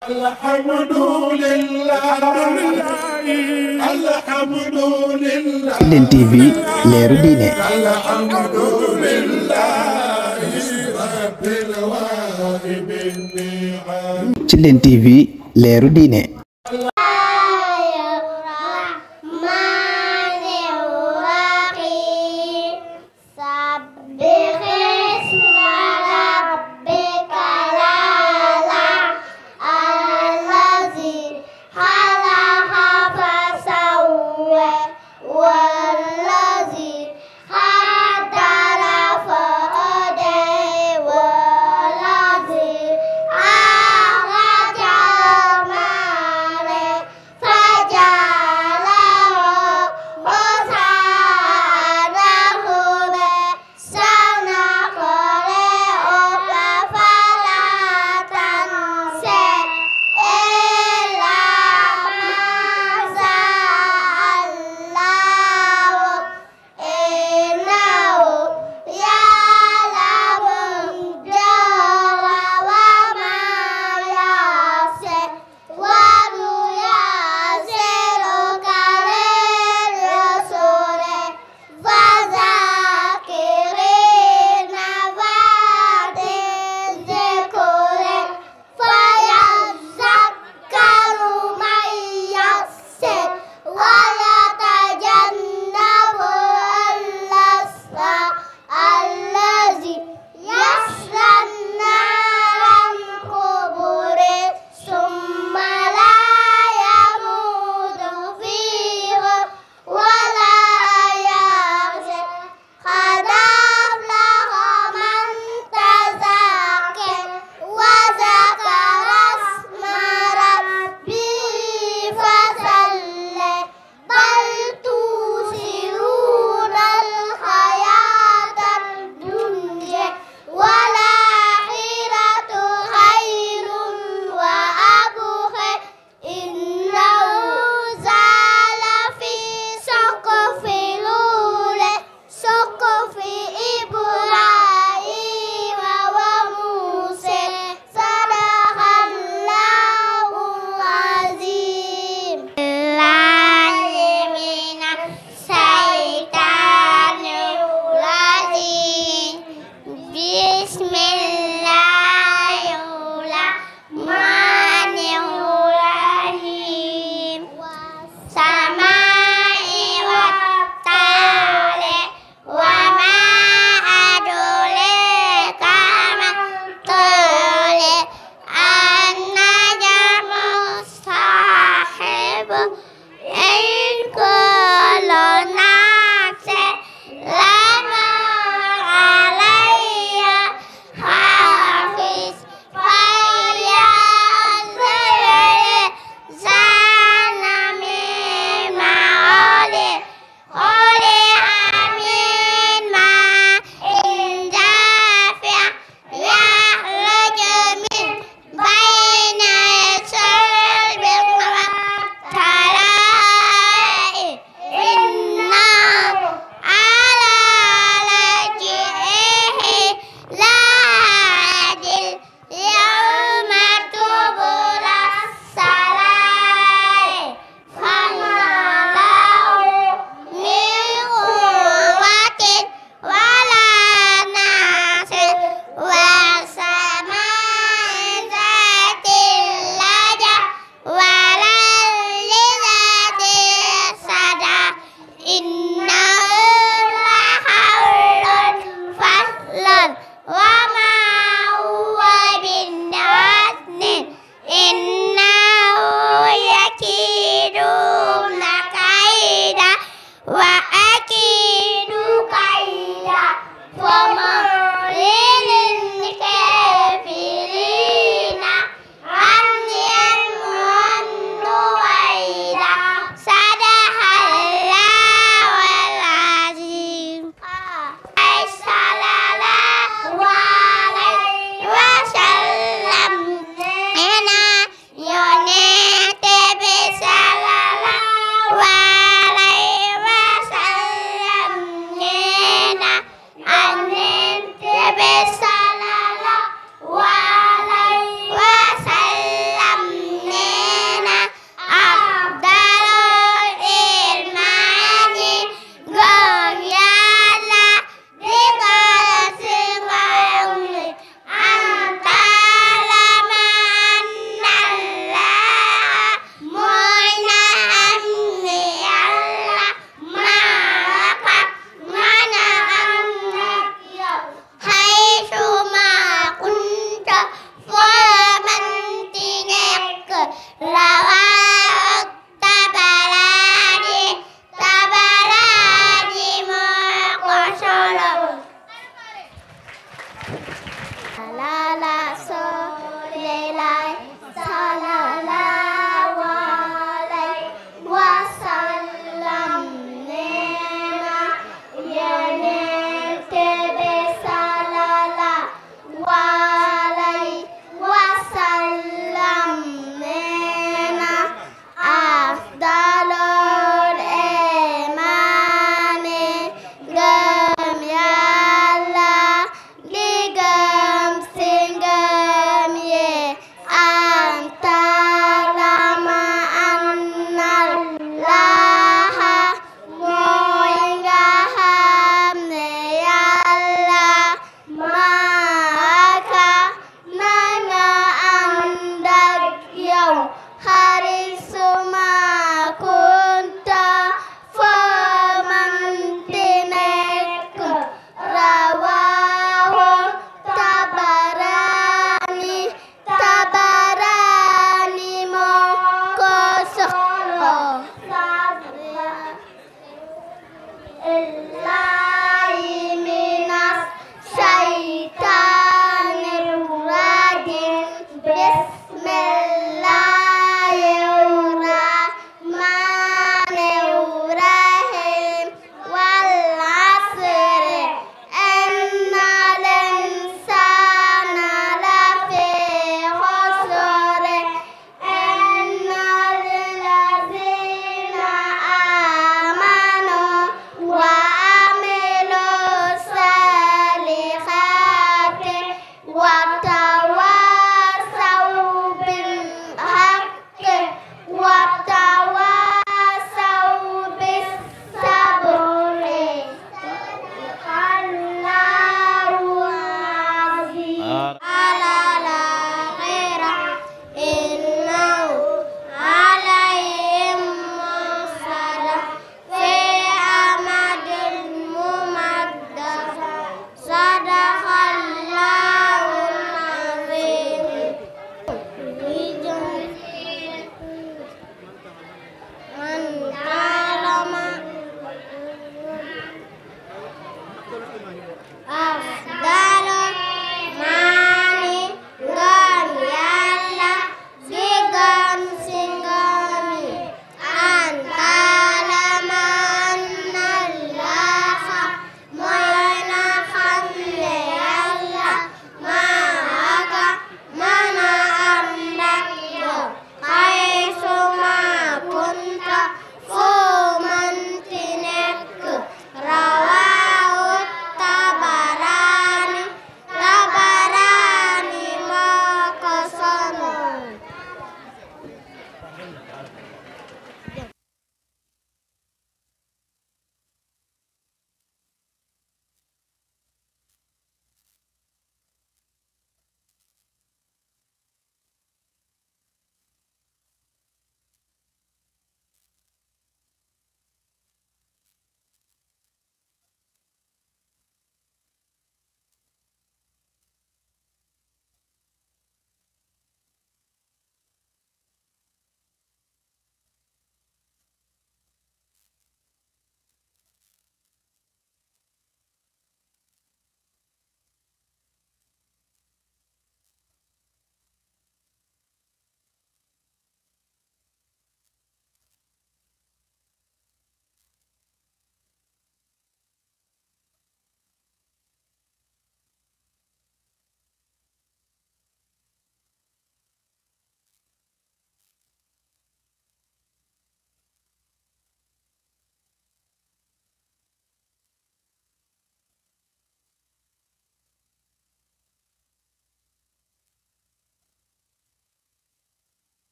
الحمد لله الحمد لله لين تي في ليرو دينه الحمد لله رب العالمين ci Lune TV leeru diine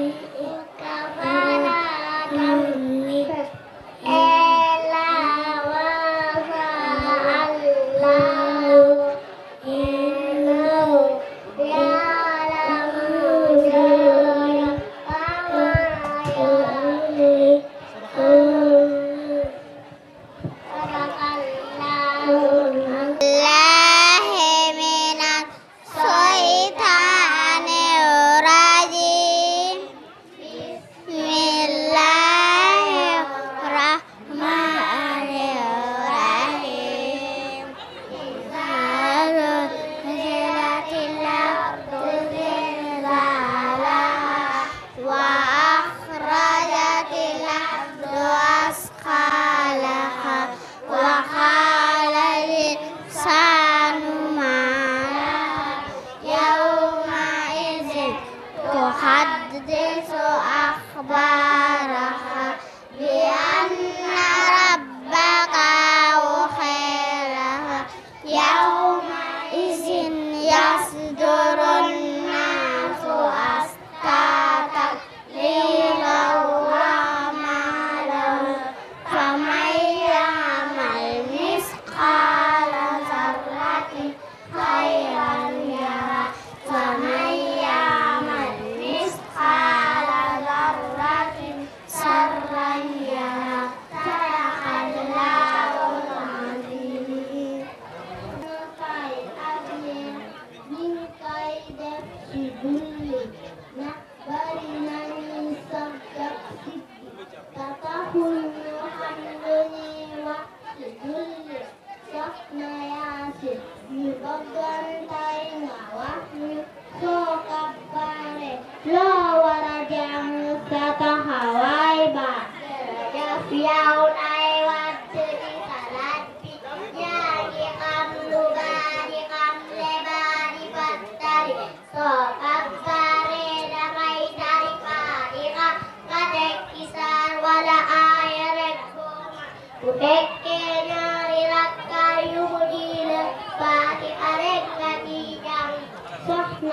Oi.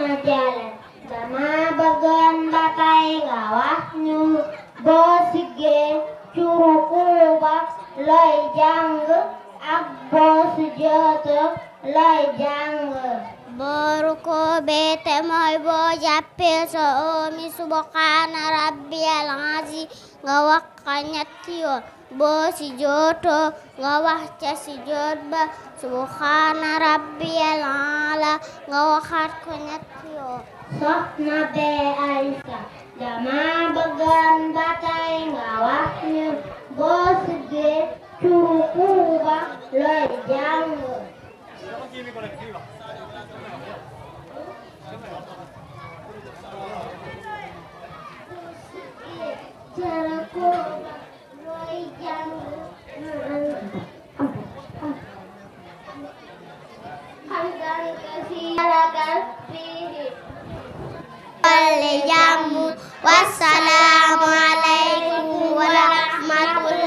ma jaale dama bëggoon ba tey nga wax ñu boo siggee curu kuuba looy jàng ak boo sujjoote looy jàng booru koobee te mooy boo jàppee sa oomi subhaana rabbiyal aziim nga wax ñetti yoon boo si jootoo nga wax ca si joot ba Subhana rabbiyal ala gawakar konetiyo. Sokna be aisa. Dama bagan batai Bos ge Jangan lupa like, share, dan subscribe والسلام عليكم ورحمة الله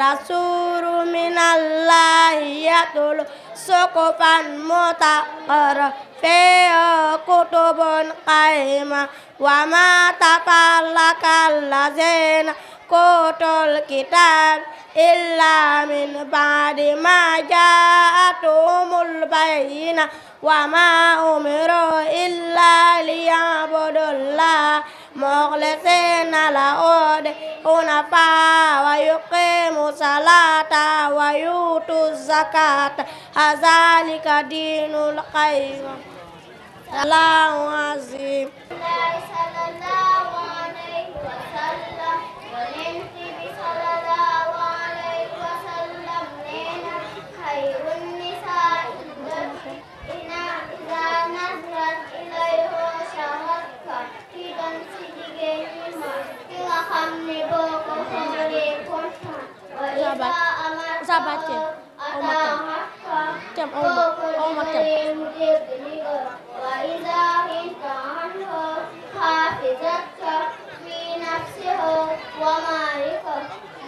رسول من الله يتلو صحفا مطهرة فيها كتب قيمة وما تفلك الذين أوتوا الكتاب إلا من بعد ما جاءتهم البينة وما أمروا إلا ليعبدوا الله مخلصين له الدين حنفاء ويقيموا الصلاة ويؤتوا الزكاة ذلك دين القيم الله عظيم xam ne boo ko xoolee kontaan wa amarko ataaha boo ko xoolee mu dégg li wa iza hinta anhu xaafizatka fi nafsiho wa maaliko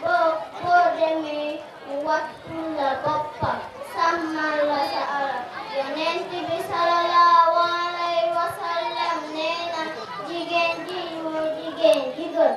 boo boo demee mu wattu la boppam sàmmal la sa alal yonent bi sallallahu alayhi wa sallam nee na jigéen ji mooy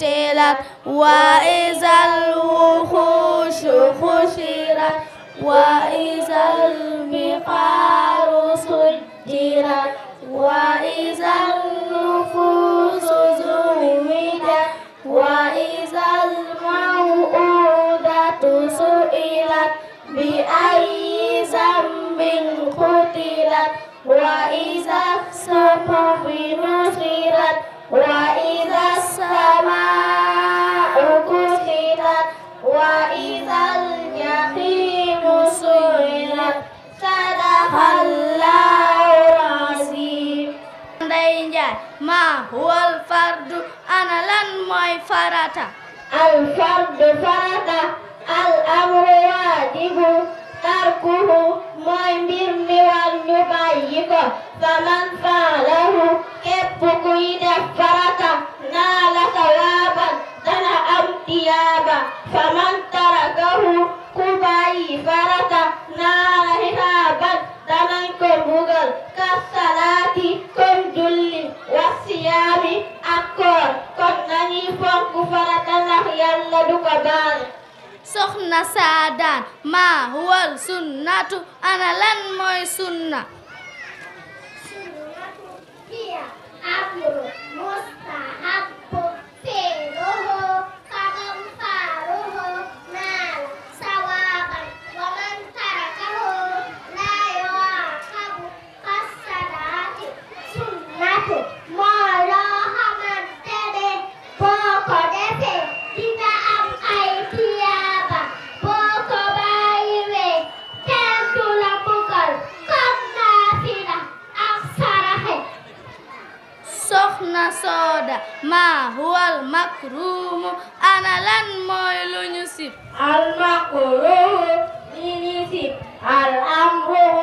قتلت وإذا الوحوش خشرت وإذا البقار سجرت وإذا النفوس زوجت وإذا الموءودة سئلت بأي ذنب قتلت وإذا السفر نصرت وإذا السماء كشفت وإذا الجحيم سعرت صدق الله العظيم day njaay ma huwal fardu ana lan mooy farata al fardu farata al amru waajibu tarkuhu moy mbir mi wal ñu bayyi ko saman falahu kep ku yi def farata na la sawaba dana am tiyaba faman tarakahu ku bayyi farata na la hisaba dana ko mugal ka salati kon julli wa siyami akor kon nañi fonku farata la yalla du ko soxna saa daan maa huwal sunnatu ana lan mooy sunna sunnatu hiya amru mustahabbu fii sooda ma huwal makruumu ana lan mooy lu ñu al makruumu li ñu sib al amru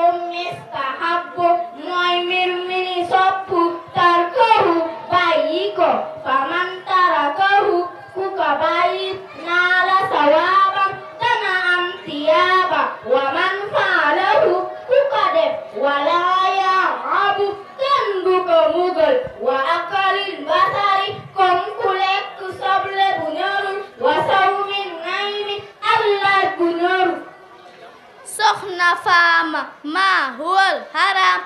mi ni soppu tarkahu bàyyi ko fa man tarakahu ku ko bàyyi Paaram.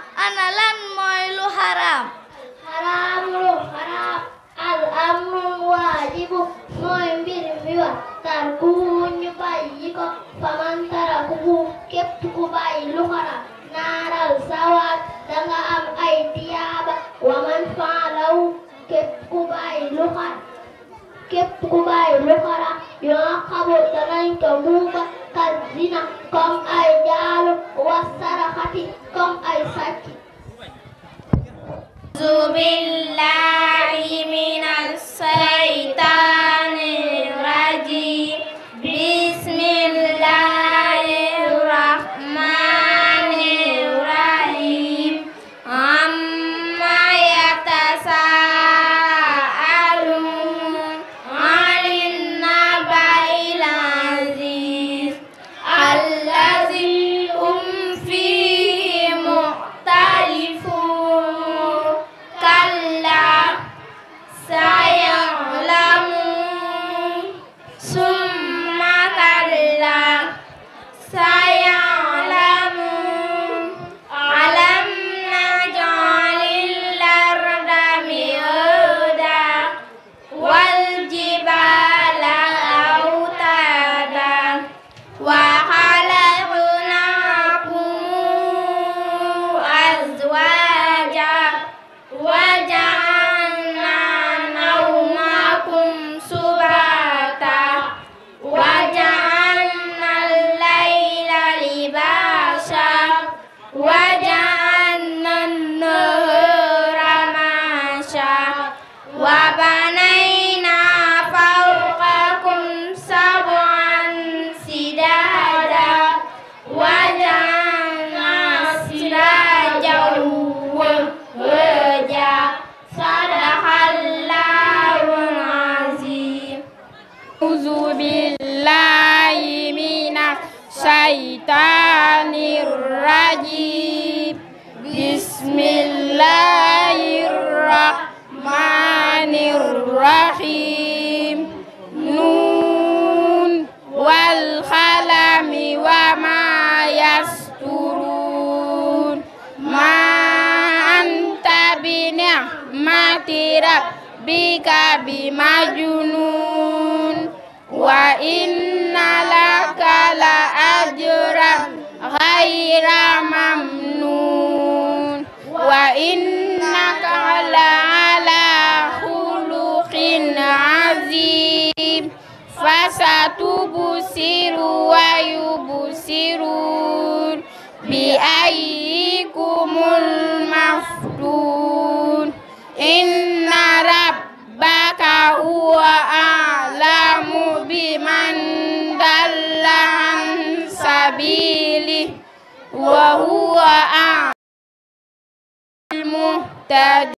وهو أعلم المهتدي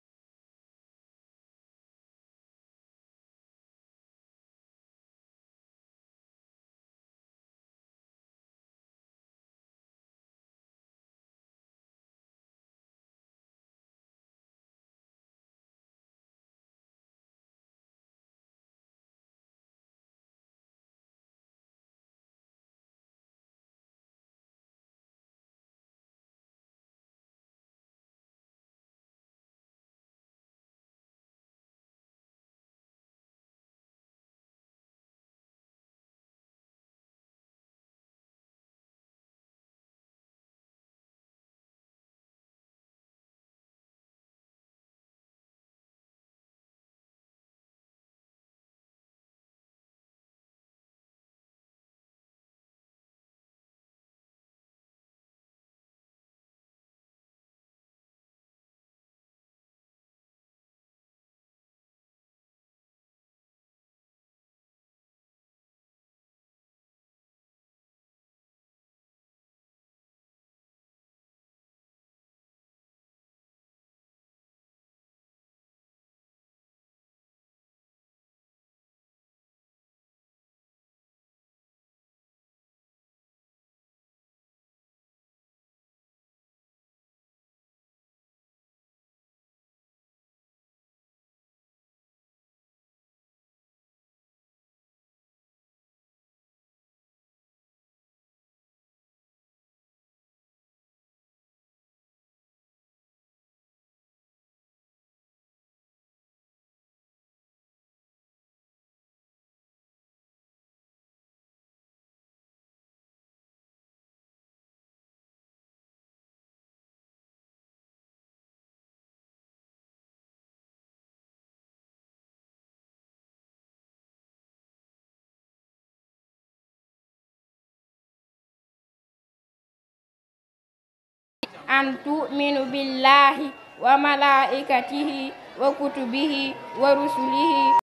أن تؤمنوا بالله وملائكته وكتبه ورسله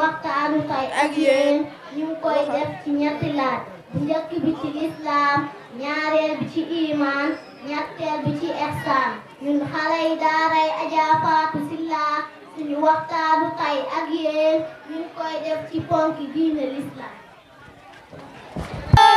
waxtaanu tay ak yéen koy def ci ñetti laaj bu njëkk bi ci islaam ñaareel bi ci iman ñetteel bi ci ihsaan ñun xale daaray Adja Fatou Sylla suñu waxtaanu tay ak yéen koy def ci ponki diine lislaam oh,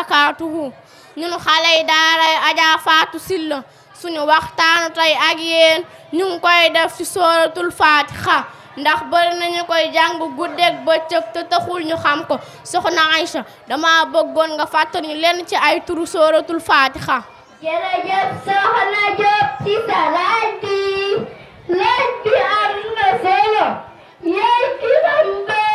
barakaatuhu ñun xale yi daaray Adja Fatou suñu waxtaanu tey ak yéen ñu ngi koy def ci sooratul Fatiha ndax bari nañu koy jàng guddeeg bëccëg te taxul ñu xam ko soxna dama bëggoon nga fàttali ñu lenn ci ay turu sooratul Fatiha. jërëjëf soxna Diop ci sa laaj bi laaj bi am na solo yéen ci